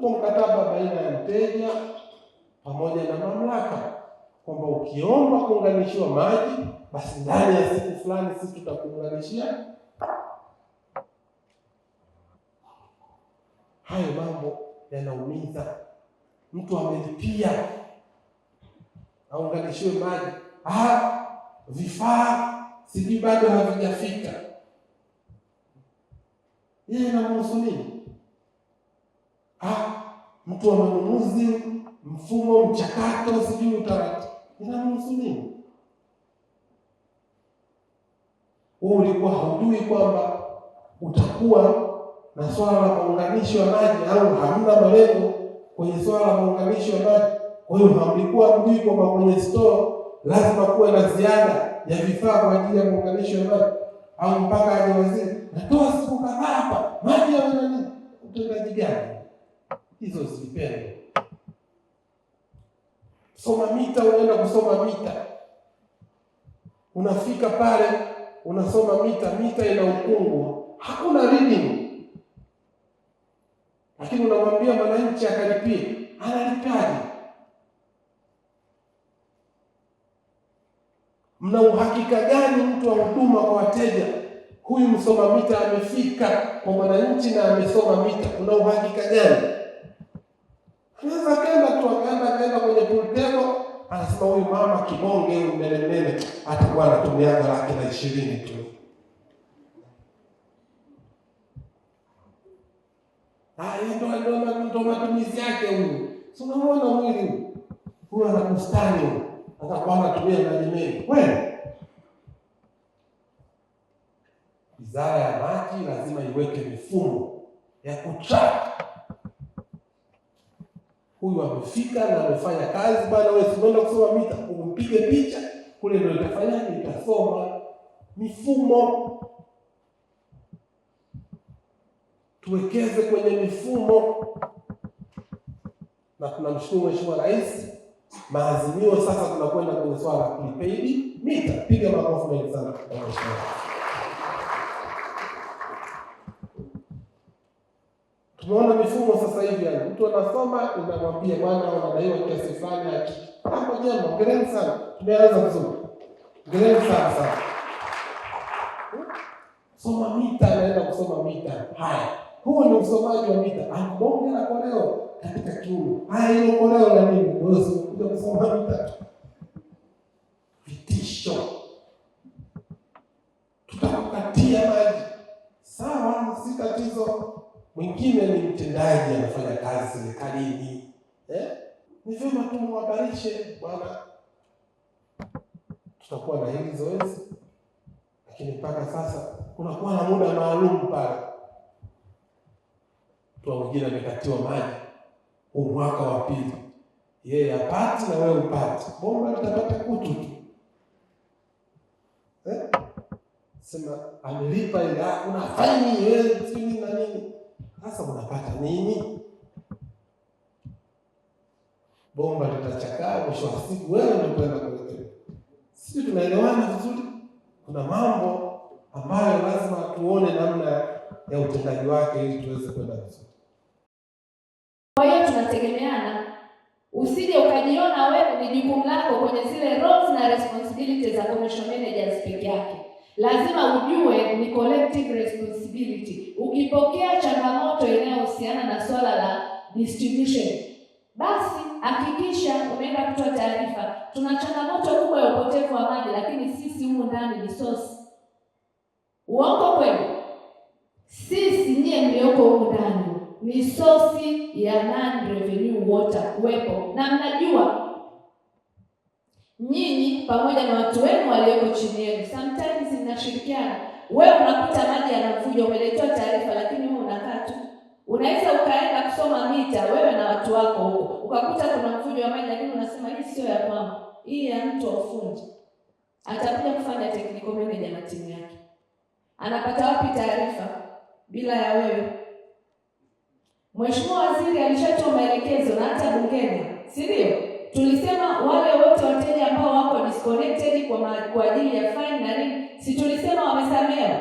upo mkataba baina ya mteja pamoja na mamlaka kwamba ukiomba kuunganishiwa maji, basi ndani ya siku fulani sisi tutakuunganishia. Hayo mambo yanaumiza. Mtu amelipia aunganishiwe maji, ah, vifaa sijui bado havijafika. Hii inamhusu nini? ah, mtu wa manunuzi, mfumo, mchakato, sijui utaratibu, inahusu nini? Wewe ulikuwa haujui kwamba utakuwa na swala la maunganishi wa maji au hamna malengo kwenye swala la maunganishi wa maji? Kwa hiyo hamlikuwa mjui kwamba kwenye store lazima kuwe na ziada ya vifaa kwa ajili ya maunganishi wa maji, au mpaka aje waziri natoa siku kadhaa hapa maji yana nini, utendaji gani? hizo zipendo. Soma mita, unaenda kusoma mita, unafika pale unasoma mita, mita ina ukungu, hakuna reading, lakini unamwambia mwananchi akalipie, analipaje? Mna uhakika gani mtu wa huduma kwa wateja huyu msoma mita amefika kwa mwananchi na amesoma mita? Kuna uhakika gani? Anaweza kenda tu akaenda akaenda kwenye pulpelo, anasema huyu mama kibonge, huyu mbelemele, atakuwa anatumiaga laki na ishirini tu. Ah, Ndo matumizi yake huyu. Si unaona mwili huyu ana bustani, atakuwa anatumia maji mengi kweli. Wizara ya maji lazima iweke mifumo ya kutrap huyu amefika na amefanya kazi bana, wewe sikwenda kusoma mita, umpige picha kule ndio itafanyaje? Itasoma mifumo. Tuwekeze kwenye mifumo, na tunamshukuru Mheshimiwa Rais, maazimio sasa tunakwenda kwenye swala la prepaid mita. Piga makofi mengi sana kwa Mheshimiwa. mfumo sasa hivi, yani mtu anasoma, unamwambia bwana, unadaiwa kiasi fulani haki. Hapo ah, jambo, hongereni sana, tumeanza vizuri, hongereni sana sana. Soma mita, naenda kusoma mita. Haya, huo ni usomaji wa mita. Ambonge ah, na koleo katika kiuno. Haya, ni koleo na nini? Wewe unakuja kusoma mita, vitisho, tutakukatia maji. Sawa, si tatizo mwingine ni mtendaji anafanya kazi serikalini eh? Ni vyema tumhabarishe bwana, tutakuwa na hili zoezi, lakini mpaka sasa kunakuwa na muda maalum pale. Mtu mwingine amekatiwa maji huu mwaka wa pili, yeye apati na wewe upati, bomba litapata kutu tu eh? Sema amelipa ila unafanya faini na nini sasa unapata nini? Bomba litachakaa, mwisho wa siku wewe ndio kwenda kuelekea. Sisi tunaelewana vizuri. Kuna mambo ambayo lazima tuone namna ya utendaji wake ili tuweze kwenda vizuri. Kwa hiyo tunategemeana, usije ukajiona wewe ni jukumu lako kwenye zile roles na responsibilities za commission managers peke yake lazima ujue ni collective responsibility. Ukipokea changamoto inayohusiana na swala la distribution, basi hakikisha umeenda kutoa taarifa, tuna changamoto kubwa ya upotevu wa maji, lakini sisi humu ndani ni source. Uongo kwenu Sisi nyie mlioko humu ndani ni sosi ya non revenue water kuwepo, na mnajua nyinyi pamoja na watu wenu walioko chini yenu. Sometimes mnashirikiana, wewe unakuta maji yanavuja, umeletewa taarifa, lakini huu unakaa tu. Unaweza ukaenda kusoma mita wewe na watu wako huko, ukakuta kuna mvujo wa maji, lakini unasema hii sio ya kwangu, hii ya mtu wa ufundi. Atakuja kufanya tekniko manager na timu yake, anapata wapi taarifa bila ya wewe? mweshimua Waziri alishatoa maelekezo na hata bungeni, si kwa ajili ya faini na nini, si tulisema wamesamea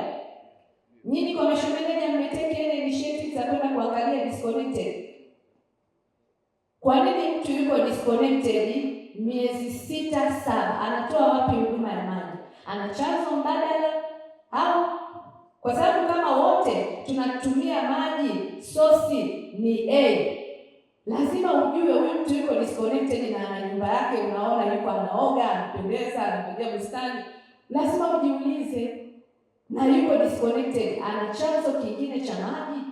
Nyinyi commission manager mmeteke ile initiative za kwenda kuangalia disconnected. Kwa nini mtu yuko disconnected miezi sita saba, anatoa wapi huduma ya maji? Ana chanzo mbadala au? Kwa sababu kama wote tunatumia maji sosi ni A, lazima ujue huyu mtu yuko disconnected na ana nyumba anaoga, anapendeza, anapigia bustani, lazima ujiulize, na yuko disconnected, ana chanzo kingine cha maji